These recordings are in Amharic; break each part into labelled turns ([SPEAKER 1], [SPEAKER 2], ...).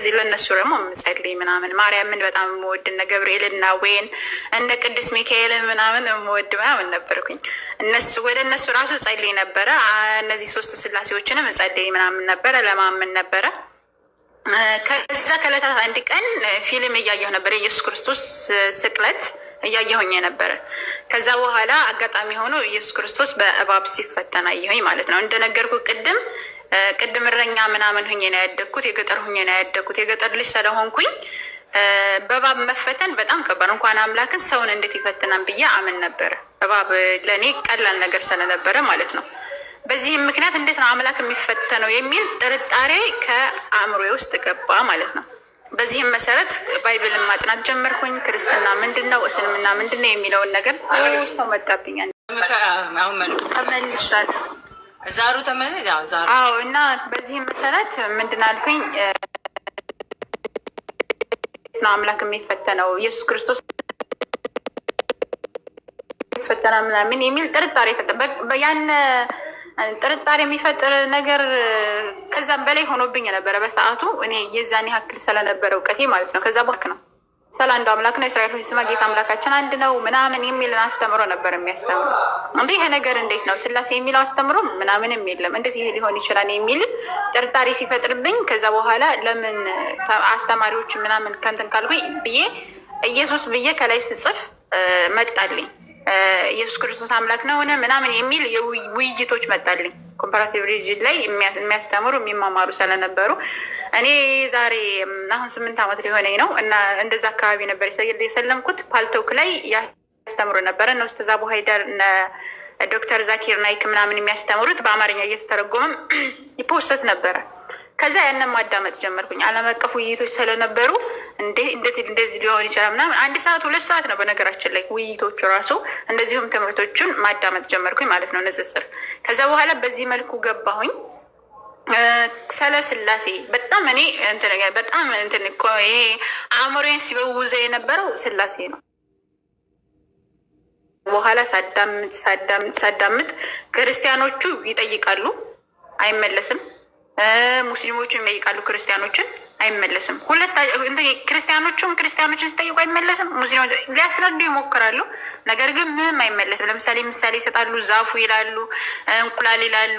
[SPEAKER 1] እዚህ ለእነሱ ደግሞ የምጸልይ ምናምን ማርያምን በጣም የምወድ እነ ገብርኤልና ወይን እነ ቅዱስ ሚካኤልን ምናምን የምወድ ምናምን ነበርኩኝ። እነሱ ወደ እነሱ ራሱ ጸልይ ነበረ። እነዚህ ሶስቱ ስላሴዎችንም እጸልይ ምናምን ነበረ፣ ለማምን ነበረ። ከዛ ከእለታት አንድ ቀን ፊልም እያየሁ ነበር፣ ኢየሱስ ክርስቶስ ስቅለት እያየሁኝ ነበረ። ከዛ በኋላ አጋጣሚ ሆኖ ኢየሱስ ክርስቶስ በእባብ ሲፈተና አየሁኝ ማለት ነው እንደነገርኩ ቅድም ቅድም እረኛ ምናምን ሁኜ ነው ያደግኩት፣ የገጠር ሁኜ ነው ያደግኩት። የገጠር ልጅ ስለሆንኩኝ በባብ መፈተን በጣም ከባድ እንኳን አምላክን ሰውን እንዴት ይፈትናን ብዬ አምን ነበረ። እባብ ለእኔ ቀላል ነገር ስለነበረ ማለት ነው። በዚህም ምክንያት እንዴት ነው አምላክ የሚፈተነው የሚል ጥርጣሬ ከአእምሮ ውስጥ ገባ ማለት ነው። በዚህም መሰረት ባይብልን ማጥናት ጀመርኩኝ። ክርስትና ምንድን ነው፣ እስልምና ምንድን ነው የሚለውን ነገር
[SPEAKER 2] ሰው መጣብኛል
[SPEAKER 3] ተመልሻል ዛሩ ተመለስ።
[SPEAKER 1] አዎ እና በዚህ መሰረት ምንድን አልኩኝ ነው አምላክ የሚፈተነው ኢየሱስ ክርስቶስ ፈተና ምናምን የሚል ጥርጣሬ ያን ጥርጣሬ የሚፈጥር ነገር ከዛም በላይ ሆኖብኝ ነበረ በሰዓቱ እኔ የዛን ያክል ስለነበረ እውቀቴ ማለት ነው። ከዛ ባክ ነው ስለ አንዱ አምላክ ነው እስራኤል ሆይ ስማ ጌታ አምላካችን አንድ ነው ምናምን የሚልን አስተምሮ ነበር የሚያስተምሩ እንዴ ይሄ ነገር እንዴት ነው ስላሴ የሚለው አስተምሮ ምናምንም የለም እንዴት ይሄ ሊሆን ይችላል የሚል ጥርጣሬ ሲፈጥርብኝ ከዛ በኋላ ለምን አስተማሪዎች ምናምን ከንትን ካልኩኝ ብዬ ኢየሱስ ብዬ ከላይ ስጽፍ መጣልኝ ኢየሱስ ክርስቶስ አምላክ ነው ምናምን የሚል ውይይቶች መጣልኝ ኮምፓራቲቭ ሪጅን ላይ የሚያስተምሩ የሚማማሩ ስለነበሩ እኔ ዛሬ አሁን ስምንት ዓመት ሊሆነኝ ነው እና እንደዛ አካባቢ ነበር የሰለምኩት። ፓልቶክ ላይ ያስተምሩ ነበረ እነ ኡስታዝ አቡ ሀይደር ዶክተር ዛኪር ናይክ ምናምን የሚያስተምሩት በአማርኛ እየተተረጎመም ይፖሰት ነበረ። ከዚያ ያንን ማዳመጥ ጀመርኩኝ። ዓለም አቀፍ ውይይቶች ስለነበሩ እንዴት ሊሆን ይችላል ምናምን አንድ ሰዓት ሁለት ሰዓት ነው በነገራችን ላይ ውይይቶቹ ራሱ እንደዚሁም ትምህርቶቹን ማዳመጥ ጀመርኩኝ ማለት ነው ንጽጽር። ከዛ በኋላ በዚህ መልኩ ገባሁኝ። ስለ ስላሴ በጣም እኔ በጣም ይሄ አእምሮዬን ሲበውዘ የነበረው ስላሴ ነው። በኋላ ሳዳምጥ ሳዳምጥ ሳዳምጥ ክርስቲያኖቹ ይጠይቃሉ አይመለስም ሙስሊሞቹን ይጠይቃሉ ክርስቲያኖችን አይመለስም። ሁለት ክርስቲያኖቹም ክርስቲያኖችን ሲጠይቁ አይመለስም። ሙስሊሞች ሊያስረዱ ይሞክራሉ፣ ነገር ግን ምንም አይመለስም። ለምሳሌ ምሳሌ ይሰጣሉ። ዛፉ ይላሉ፣ እንቁላል ይላሉ፣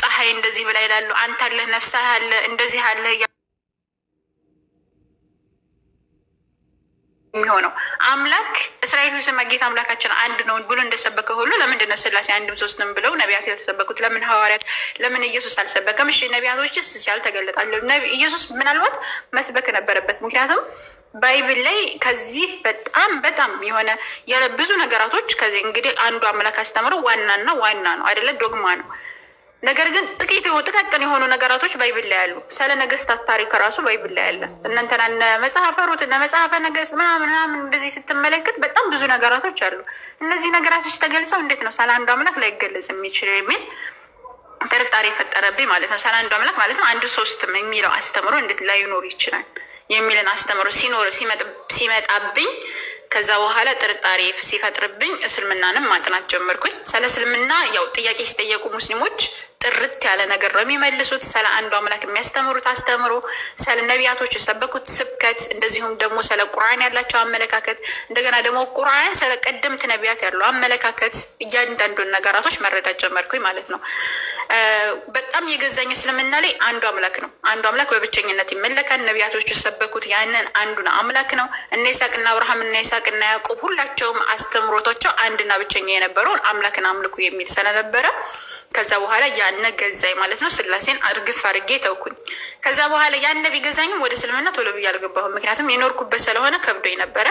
[SPEAKER 1] ፀሐይ እንደዚህ ብላ ይላሉ፣ አንተ አለህ፣ ነፍስህ አለ፣ እንደዚህ አለህ የሚሆነው አምላክ እስራኤል ስማ ጌታ አምላካችን አንድ ነው ብሎ እንደሰበከ ሁሉ ለምንድን ነው ስላሴ አንድም ሶስትም ብለው ነቢያት የተሰበኩት? ለምን ሐዋርያት ለምን ኢየሱስ አልሰበከም? እሺ ነቢያቶችስ ያልተገለጣለ ኢየሱስ ምናልባት መስበክ ነበረበት። ምክንያቱም ባይብል ላይ ከዚህ በጣም በጣም የሆነ ብዙ ነገራቶች ከዚህ እንግዲህ አንዱ አምላክ አስተምረው ዋናና ዋና ነው አይደለ ዶግማ ነው ነገር ግን ጥቂት ጥቃቅን የሆኑ ነገራቶች ባይብል ላይ ያሉ። ስለ ነገስታት ታሪክ ራሱ ባይብል ላይ ያለ እናንተና እነ መጽሐፈ ሩት እነ መጽሐፈ ነገስት ምናምን ምናምን እንደዚህ ስትመለከት በጣም ብዙ ነገራቶች አሉ። እነዚህ ነገራቶች ተገልጸው እንዴት ነው ስለ አንዱ አምላክ ላይገለጽ የሚችል የሚል ጥርጣሬ የፈጠረብኝ ማለት ነው። ስለ አንዱ አምላክ ማለት ነው አንድ ሶስትም የሚለው አስተምሮ እንዴት ላይኖር ይችላል የሚልን አስተምሮ ሲኖር ሲመጣብኝ ከዛ በኋላ ጥርጣሬ ሲፈጥርብኝ እስልምናንም ማጥናት ጀመርኩኝ። ስለ እስልምና ያው ጥያቄ ሲጠየቁ ሙስሊሞች ጥርት ያለ ነገር ነው የሚመልሱት። ስለ አንዱ አምላክ የሚያስተምሩት አስተምሮ፣ ስለ ነቢያቶች የሰበኩት ስብከት፣ እንደዚሁም ደግሞ ስለ ቁርአን ያላቸው አመለካከት፣ እንደገና ደግሞ ቁርአን ስለ ቀደምት ነቢያት ያለው አመለካከት፣ እያንዳንዱን ነገራቶች መረዳት ጀመርኩኝ ማለት ነው። በጣም የገዛኝ እስልምና ላይ አንዱ አምላክ ነው። አንዱ አምላክ በብቸኝነት ይመለካል። ነቢያቶች የሰበኩት ያንን አንዱን አምላክ ነው። እነ ይስሐቅና አብርሃም እና ይስሐቅና ያዕቆብ ሁላቸውም አስተምሮቶቸው አንድና ብቸኛ የነበረውን አምላክን አምልኩ የሚል ስለነበረ ከዛ በኋላ ነገዛኝ ማለት ነው። ስላሴን እርግፍ አድርጌ ተውኩኝ። ከዛ በኋላ ያነ ቢገዛኝም ወደ ስልምና ቶሎ ብዬ አልገባሁም። ምክንያቱም የኖርኩበት ስለሆነ ከብዶኝ ነበረ።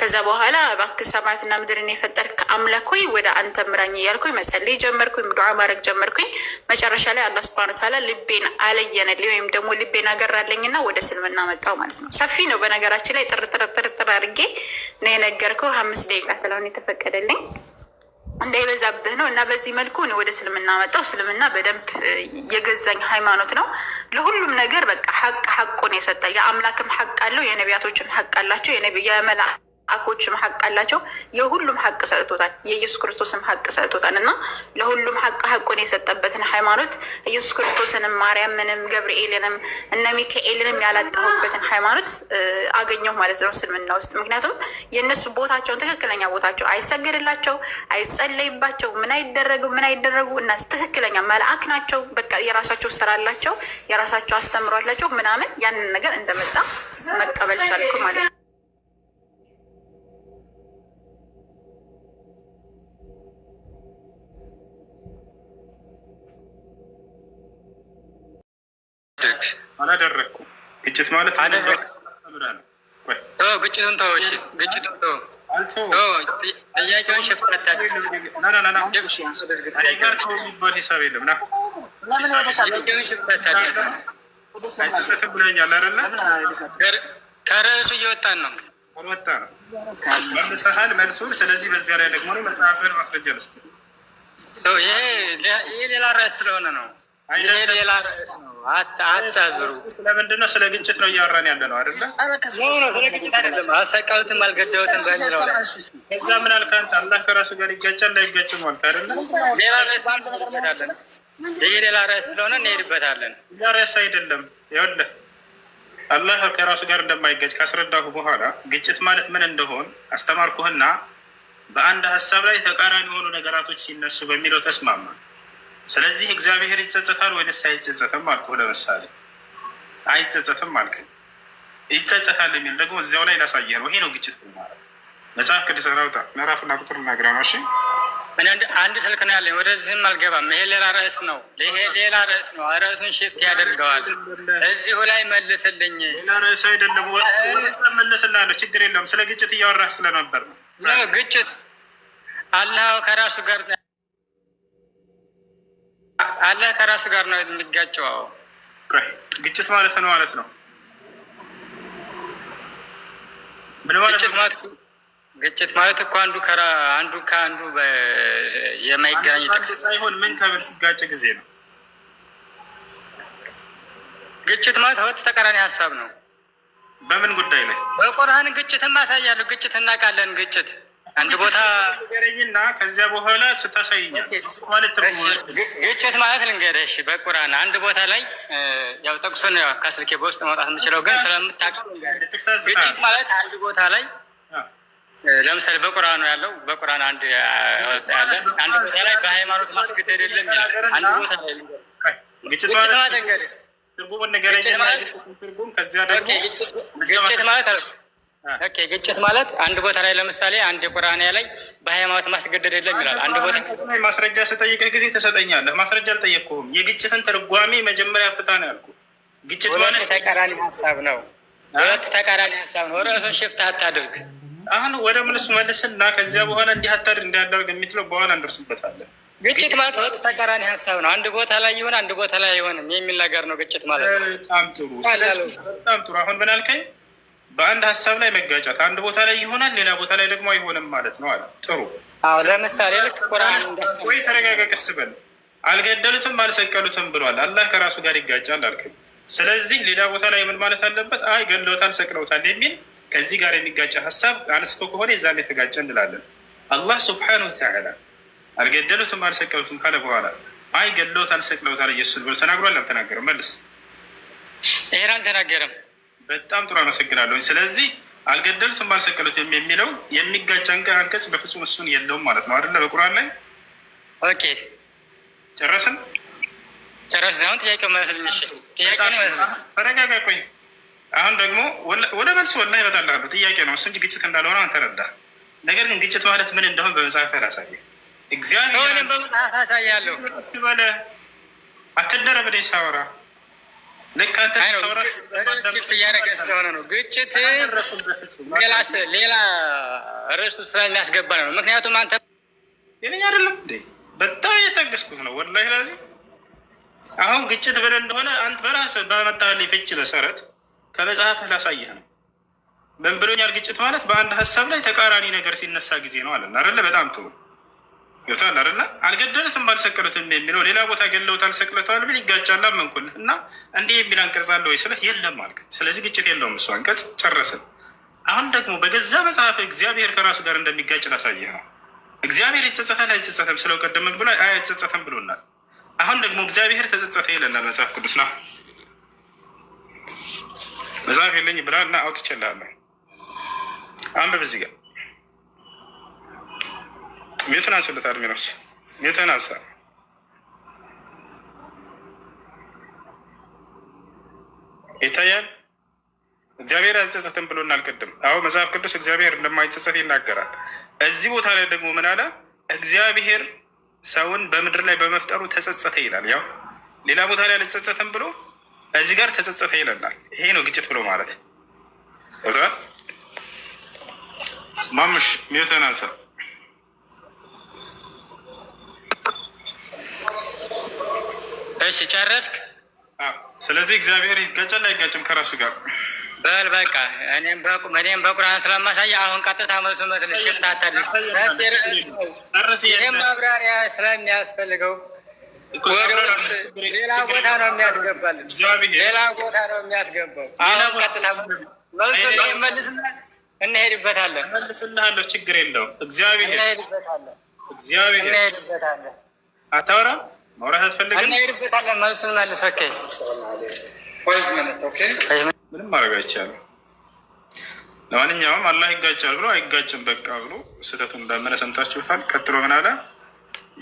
[SPEAKER 1] ከዛ በኋላ እባክህ ሰማያትና ምድርን የፈጠር አምላክ ወደ አንተ ምራኝ እያልኩኝ መጸለይ ጀመርኩኝ፣ ዱዓ ማድረግ ጀመርኩኝ። መጨረሻ ላይ አላህ ሱብሃነሁ ወተዓላ ልቤን አለየነልኝ ወይም ደግሞ ልቤን አገራለኝና ወደ ስልምና መጣሁ ማለት ነው። ሰፊ ነው በነገራችን ላይ ጥርጥርጥርጥር አድርጌ ነው የነገርከው። አምስት ደቂቃ ስለሆነ የተፈቀደልኝ እንዳይበዛብህ ነው እና በዚህ መልኩ እኔ ወደ እስልምና መጣሁ። እስልምና በደንብ የገዛኝ ሃይማኖት ነው። ለሁሉም ነገር በቃ ሀቅ ሀቁን የሰጠ የአምላክም ሀቅ አለው፣ የነቢያቶችም ሀቅ አላቸው የመላ አኮችም ሀቅ አላቸው። የሁሉም ሀቅ ሰጥቶታል። የኢየሱስ ክርስቶስም ሀቅ ሰጥቶታል እና ለሁሉም ሀቅ ሀቁን የሰጠበትን ሃይማኖት ኢየሱስ ክርስቶስንም ማርያምንም ገብርኤልንም እነ ሚካኤልንም ያላጠፉበትን ሃይማኖት አገኘሁ ማለት ነው እስልምና ውስጥ። ምክንያቱም የእነሱ ቦታቸውን ትክክለኛ ቦታቸው አይሰገድላቸው፣ አይጸለይባቸው፣ ምን አይደረጉ፣ ምን አይደረጉ እና ትክክለኛ መልአክ ናቸው። በቃ የራሳቸው ስራ አላቸው፣ የራሳቸው አስተምሯላቸው ምናምን ያንን ነገር እንደመጣ መቀበል ቻልኩ ማለት ነው።
[SPEAKER 4] አላደረግኩም። ግጭት ማለት ግጭቱን ግጭቱን ጥያቄውን ሂሳብ የለም። ከርዕሱ እየወጣን ነው። ወጣ ነው መልሰሃል ስለዚህ በዚያ ላይ ደግሞ መጽሐፍን ማስረጃ
[SPEAKER 3] ይሄ ሌላ ርዕስ ስለሆነ ነው። ሌላ ርዕስ ነው። አታዝሩ።
[SPEAKER 4] ስለምንድን ነው? ስለ ግጭት ነው እያወራን ያለ ነው አይደለ?
[SPEAKER 3] ስለ ግጭት አይደለም። አልሰቀሉትም፣ አልገደሉትም በሚለው ላይ
[SPEAKER 4] ከዛ ምን አልክ አንተ? አላህ ከራሱ ጋር ይጋጫል ላይጋጭም አልክ አይደለ?
[SPEAKER 3] ሌላ ርዕስ እንሄዳለን። ይህ ሌላ ርዕስ ስለሆነ እንሄድበታለን።
[SPEAKER 4] እዛ ርዕስ አይደለም። ይኸውልህ አላህ ከራሱ ጋር እንደማይጋጭ ካስረዳሁ በኋላ ግጭት ማለት ምን እንደሆን አስተማርኩህና በአንድ ሀሳብ ላይ ተቃራኒ የሆኑ ነገራቶች ሲነሱ በሚለው ተስማማ። ስለዚህ እግዚአብሔር ይጸጸታል ወይስ አይጸጸትም አልኩ። ለምሳሌ አይጸጸትም አልክ፣ ይጸጸታል የሚል ደግሞ እዚያው ላይ ላሳየ ነው። ይሄ ነው ግጭት ማለት። መጽሐፍ ቅዱስ ራውጣ ምዕራፍና ቁጥር ናግራ ነው። እሺ
[SPEAKER 3] አንድ ስልክ ነው ያለኝ። ወደዚህም አልገባም። ይሄ ሌላ ርዕስ ነው። ይሄ ሌላ ርዕስ ነው። ርዕሱን ሽፍት ያደርገዋል። እዚሁ ላይ መልስልኝ።
[SPEAKER 4] ሌላ ርዕስ አይደለም። መልስላለሁ፣ ችግር የለውም። ስለ ግጭት እያወራህ ስለነበር ነው
[SPEAKER 3] ግጭት አላህ ከራሱ ጋር አለ ከራሱ ጋር ነው የሚጋጨው።
[SPEAKER 4] ግጭት ማለት ነው ማለት ነው።
[SPEAKER 3] ግጭት ማለት እኮ አንዱ አንዱ ከአንዱ የማይገናኝ
[SPEAKER 4] ጥቅስ ሳይሆን ምን ከምን ሲጋጭ ጊዜ ነው።
[SPEAKER 3] ግጭት ማለት ሁለት ተቃራኒ ሀሳብ ነው።
[SPEAKER 4] በምን ጉዳይ ላይ?
[SPEAKER 3] በቁርአን ግጭትን ማሳያለሁ። ግጭት እናውቃለን። ግጭት አንድ ቦታ
[SPEAKER 4] ንገረኝና ከዚያ በኋላ ስታሳይኛል።
[SPEAKER 3] ግጭት ማለት ልንገረሽ በቁርአን አንድ ቦታ ላይ ያው ጥቅሱን ከስልኬ በውስጥ መውጣት የምችለው ግን ስለምታውቅ ግጭት ማለት አንድ ቦታ ላይ ለምሳሌ በቁርአኑ ያለው በቁርአን አንድ ያለ አንድ ቦታ ላይ በሃይማኖት ማስገደድ የለም ይላል። አንድ ቦታ ላይ ግጭት ማለት ንገረኝ። ግጭት ማለት ግጭት ማለት አንድ ቦታ ላይ ለምሳሌ አንድ የቁርአንያ ላይ በሃይማኖት ማስገደድ የለም ይላል።
[SPEAKER 4] አንድ ቦታ ማስረጃ ስጠይቅ ጊዜ ተሰጠኛለህ። ማስረጃ አልጠየቅኩህም። የግጭትን ትርጓሜ መጀመሪያ ፍታ ነው ያልኩህ።
[SPEAKER 3] ግጭት ማለት ተቃራኒ ሀሳብ ነው። ሁለት ተቃራኒ ሀሳብ ነው። ርዕሱን ሽፍት አታድርግ።
[SPEAKER 4] አሁን ወደ ምልሱ መልስና ከዚያ በኋላ እንዲህ አታድርግ እንዳያደርግ የሚትለው በኋላ እንደርስበታለን።
[SPEAKER 3] ግጭት ማለት ሁለት ተቃራኒ ሀሳብ ነው። አንድ ቦታ ላይ ይሆን አንድ ቦታ ላይ አይሆንም የሚል ነገር ነው። ግጭት ማለት ነው።
[SPEAKER 4] በጣም ጥሩ። በጣም ጥሩ። አሁን ምን አልከኝ? በአንድ ሀሳብ ላይ መጋጨት አንድ ቦታ ላይ ይሆናል፣ ሌላ ቦታ ላይ ደግሞ አይሆንም ማለት ነው አለ። ጥሩ ለምሳሌ ወይ ተረጋገቅስ በል አልገደሉትም አልሰቀሉትም ብሏል። አላህ ከራሱ ጋር ይጋጫል አልክም። ስለዚህ ሌላ ቦታ ላይ ምን ማለት አለበት? አይ ገለውታል ሰቅለውታል የሚል ከዚህ ጋር የሚጋጨ ሀሳብ አንስቶ ከሆነ የዛም የተጋጨ እንላለን። አላህ ስብሓነሁ ወተዓላ አልገደሉትም አልሰቀሉትም ካለ በኋላ አይ ገለውታል ሰቅለውታል እየሱል ብሎ ተናግሯል። አልተናገረም? መልስ
[SPEAKER 3] ይሄን አልተናገረም።
[SPEAKER 4] በጣም ጥሩ አመሰግናለሁ። ስለዚህ አልገደሉትም አልሰቀሉትም የሚለው የሚጋጭ አንቀጽ በፍጹም እሱን የለውም ማለት ነው አደለ? በቁርአን ላይ ኦኬ። ጨረስን
[SPEAKER 3] ጨረስን። አሁን ጥያቄው መስል ጥያቄ ነው።
[SPEAKER 4] ተረጋጋ ቆይ። አሁን ደግሞ ወደ መልሱ ወላ ይመጣልሉ። ጥያቄ ነው እሱ እንጂ ግጭት እንዳልሆነ አንተ ነገር ግን ግጭት ማለት ምን እንደሆነ በመጽሐፍ ያላሳየ እግዚአብሔር
[SPEAKER 3] በመጽሐፍ ያሳያለሁ።
[SPEAKER 4] አትደረበደ ሳወራ
[SPEAKER 3] እያደረገ ስለሆነ ነው። ግጭት ሌላ ርዕሱ ስለሚያስገባ ነው። ምክንያቱም አንተ
[SPEAKER 4] የእኔ አይደለም በጣም እየጠገስኩት ነው። ወላሂ ላዚ አሁን ግጭት ብለህ እንደሆነ አንተ በራስህ በመጣልህ ፍቺ መሰረት ከመጽሐፍህ ላሳየህ ነው። ምን ብሎኛል? ግጭት ማለት በአንድ ሀሳብ ላይ ተቃራኒ ነገር ሲነሳ ጊዜ ነው አለ አይደለ? በጣም ጥሩ ይወታል አለ አልገደሉትም አልሰቀሉትም የሚለው ሌላ ቦታ ገለውታል ሰቅለተዋል ብል ይጋጫላ አመንኩን እና እንዲህ የሚል አንቀጽ አለ ወይ ስለት የለም አልክ። ስለዚህ ግጭት የለውም እሱ አንቀጽ ጨረስን። አሁን ደግሞ በገዛ መጽሐፍ እግዚአብሔር ከራሱ ጋር እንደሚጋጭ ላሳየህ ነው። እግዚአብሔር ይጸጸታል አይጸጸተም ስለው ቀደመ ብሎ አይጸጸተም ብሎናል። አሁን ደግሞ እግዚአብሔር ተጸጸተ ይለናል መጽሐፍ ቅዱስ ነው። መጽሐፍ የለኝ ብላ እና አውጥቼልሃለሁ አንብብ እዚህ ጋር ቤቱን አንስለት። አድሜኖች ቤትህን አንሳ። ይታያል። እግዚአብሔር አይጸጸትም ብሎ እናልቅድም። አሁ መጽሐፍ ቅዱስ እግዚአብሔር እንደማይጸጸት ይናገራል። እዚህ ቦታ ላይ ደግሞ ምን አለ? እግዚአብሔር ሰውን በምድር ላይ በመፍጠሩ ተጸጸተ ይላል። ያው ሌላ ቦታ ላይ አልጸጸትም ብሎ እዚህ ጋር ተጸጸተ ይለናል። ይሄ ነው ግጭት ብሎ ማለት ማምሽ ሚዮተናሰ
[SPEAKER 3] እሺ ጨረስክ?
[SPEAKER 4] ስለዚህ እግዚአብሔር ይጋጫል አይጋጭም ከራሱ ጋር
[SPEAKER 3] በል በቃ እኔም በቁርአን ስለማሳይ አሁን ቀጥታ መልሱ መስልሽ ታታል ይህም ማብራሪያ ስለሚያስፈልገው ሌላ ቦታ ነው የሚያስገባልን ሌላ ቦታ ነው የሚያስገባው። አሁን ቀጥታ መልሱ መልስና እንሄድበታለን።
[SPEAKER 4] መልስልሃለሁ፣ ችግር የለውም እግዚአብሔር እግዚአብሔር
[SPEAKER 3] እንሄድበታለን
[SPEAKER 4] አታወራ ማውራት አትፈልግም።
[SPEAKER 3] እናሄድበታለን። መልሱን
[SPEAKER 4] ኦኬ ምንም ማድረግ አይቻልም። ለማንኛውም አላህ ይጋጫል ብሎ አይጋጭም በቃ ብሎ ስህተቱን እንዳመነ ሰምታችሁታል። ቀጥሎ ምን አለ?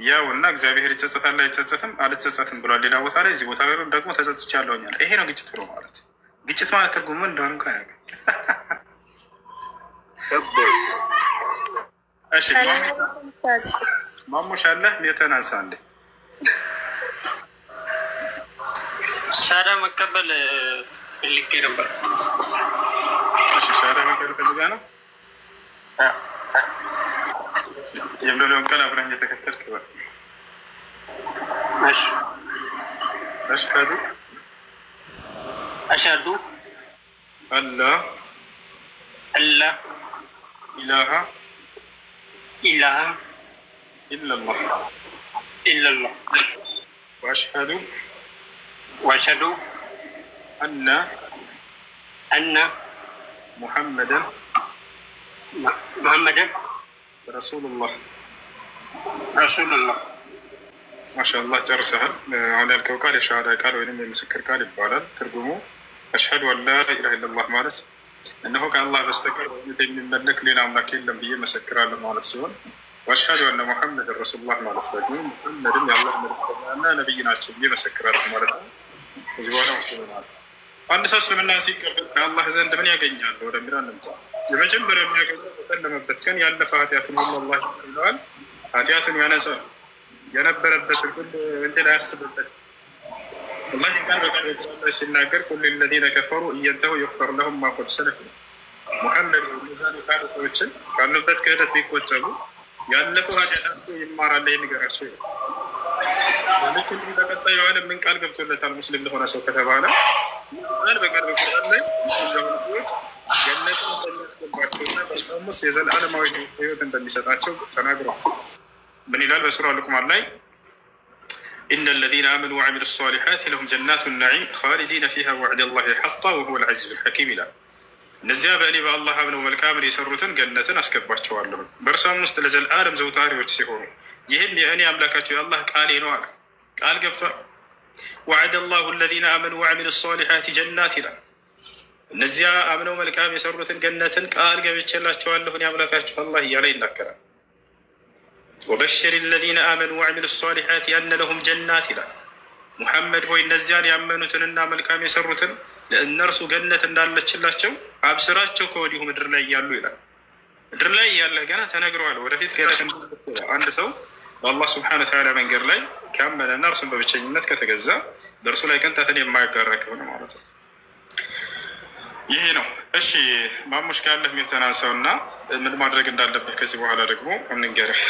[SPEAKER 4] ያው እና እግዚአብሔር ይጸጸታል አይጸጸትም አልጸጸትም ብሏል። ሌላ ቦታ ላይ እዚህ ቦታ ላይ ደግሞ ተጸጽቻለሁ አለ። ይሄ ነው ግጭት ብሎ ማለት። ግጭት ማለት ትርጉሙ እንደሆነ እንኳ ያገ እሺ ማሞሻለህ የተናሳለ
[SPEAKER 3] ሻዳ መቀበል ፈልጌ ነበር።
[SPEAKER 4] ሻዳ መቀበል ፈልጋ ነው የምለውን ቃል አብረን እየተከተልክ ይበል። أشهد أشهد أن لا أن لا إله إله إلا الله إلا الله وأشهد وأشهد أن أن محمدا محمدا رسول الله
[SPEAKER 3] رسول الله
[SPEAKER 4] ما شاء الله ترسها على الكوكا لشهادة قال وإنما المسكر قال البالا ترجمه أشهد أن لا إله إلا الله مالت أنه كان الله بستكر وإنما لك لنا أملاك إلا بيه مسكر على مالت سيون ወአሽሀዱ አነ ሙሐመድ ረሱሉላህ ማለት ደግሞ ሙሐመድም የአላህ መልእክተኛና ነብይ ናቸው ብዬ መሰክራለሁ ማለት ነው። እዚህ በኋላ ሙስሊም ማለት አንድ ሰው እስልምና ሲቀበል ከአላህ ዘንድ ምን ያገኛል ወደሚለው እንምጣ። የመጀመሪያ የሚያገኘው በለመበት ቀን ያለፈ ኃጢአቱን ሁሉ አላህ ይለዋል። ኃጢአቱን ያነጻል። የነበረበትን ሁሉ ወንጀል አያስብበት። አላህ ቃል በቃል ሲናገር ኩሉ ለዚነ ከፈሩ እየንተው ይፈር ለሁም ማቆድ ሰለፍ ነው። ሙሐመድ ዛኔ ካሉ ሰዎችን ካሉበት ክህደት ቢቆጠቡ ያለፈው ሀጃቸው ይማራል የሚገራቸው ይሆናል። ለቀጣዩ ዓለም ምን ቃል ገብቶለታል? ሙስሊም ለሆነ ሰው ከተባለ ቃል በቃል በቁርአን ላይ ገነትን እንደሚያስገባቸውና በእሷም ውስጥ የዘላለማዊ ሕይወት እንደሚሰጣቸው ተናግረዋል። ምን ይላል? በሱራ ሉቅማን ላይ إن الذين آمنوا وعملوا الصالحات لهم جنات النعيم خالدين فيها وعد الله حقا وهو العزيز الحكيم ይላል እነዚያ በእኔ በአላህ አምነው መልካምን የሰሩትን ገነትን አስገባቸዋለሁ በእርሷም ውስጥ ለዘለዓለም ዘውታሪዎች ሲሆኑ ይህም የእኔ አምላካቸው የአላህ ቃሌ ነው አለ። ቃል ገብቷል። ወዐደ ላሁ አለዚነ አመኑ ወዐሚሉ ሷሊሓት ጀናት ይላል። እነዚያ አምነው መልካም የሰሩትን ገነትን ቃል ገብቼላቸዋለሁ እኔ አምላካቸው አላህ እያለ ይናገራል። ወበሽር አለዚነ አመኑ ወዐሚሉ ሷሊሓት አነ ለሁም ጀናት ይላል። ሙሐመድ ሆይ እነዚያን ያመኑትንና መልካም የሰሩትን ለእነርሱ ገነት እንዳለችላቸው አብስራቸው ከወዲሁ ምድር ላይ እያሉ ይላል። ምድር ላይ እያለ ገና ተነግረዋል። ወደፊት አንድ ሰው በአላህ ስብሐነ ወተዓላ መንገድ ላይ ካመነና እርሱን በብቸኝነት ከተገዛ በእርሱ ላይ ቅንጣትን የማያጋራ ከሆነ ማለት ነው። ይሄ ነው። እሺ ማሙሽ ካለህ የተናንሰው እና ምን ማድረግ እንዳለብህ ከዚህ በኋላ ደግሞ እንንገርህ።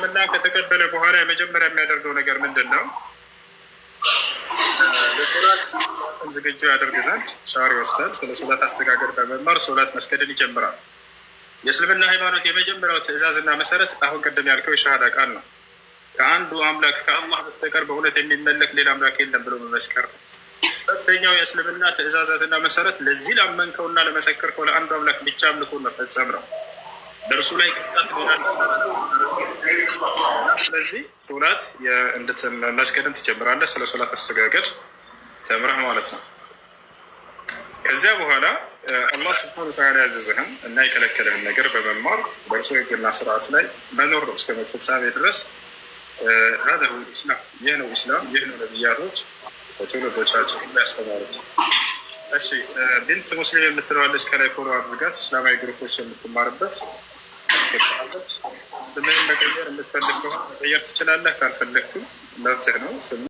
[SPEAKER 4] እስልምና ከተቀበለ በኋላ የመጀመሪያ የሚያደርገው ነገር ምንድን ነው? ለሶላት ዝግጁ ያደርግ ዘንድ ሻወር ይወስዳል። ስለ ሶላት አስተጋገድ በመማር ሶላት መስገድን ይጀምራል። የእስልምና ሃይማኖት የመጀመሪያው ትዕዛዝና መሰረት አሁን ቅድም ያልከው የሻሃዳ ቃል ነው። ከአንዱ አምላክ ከአላህ በስተቀር በእውነት የሚመለክ ሌላ አምላክ የለም ብሎ መመስከር ነው። ሁለተኛው የእስልምና ትዕዛዛትና መሰረት ለዚህ ላመንከውና ለመሰከርከው ለአንዱ አምላክ ብቻ አምልኮ መፈጸም ነው። በእርሱ ላይ ቅጣት ይሆናል። ስለዚህ ሶላት እንድትመስገድን ትጀምራለህ፣ ስለ ሶላት አሰጋገድ ተምረህ ማለት ነው። ከዚያ በኋላ አላህ ስብሐነ ወተዓላ ያዘዘህን እና የከለከለህን ነገር በመማር በእርሱ ህግና ስርዓት ላይ መኖር ነው እስከ ፍጻሜ ድረስ። ሀደ ኢስላም፣ ይህ ነው ስላም፣ ይህ ነው ነቢያቶች በትውልዶቻቸው ያስተማሩት። እሺ፣ ቢንት ሙስሊም የምትለዋለች ከላይ ፎሎ አድርጋት እስላማዊ ግሩፖች የምትማርበት አስገባለሁ። ስምህን መቀየር የምትፈልግ ከሆነ መቀየር ትችላለህ። ካልፈለግኩም መብትህ ነው። ስም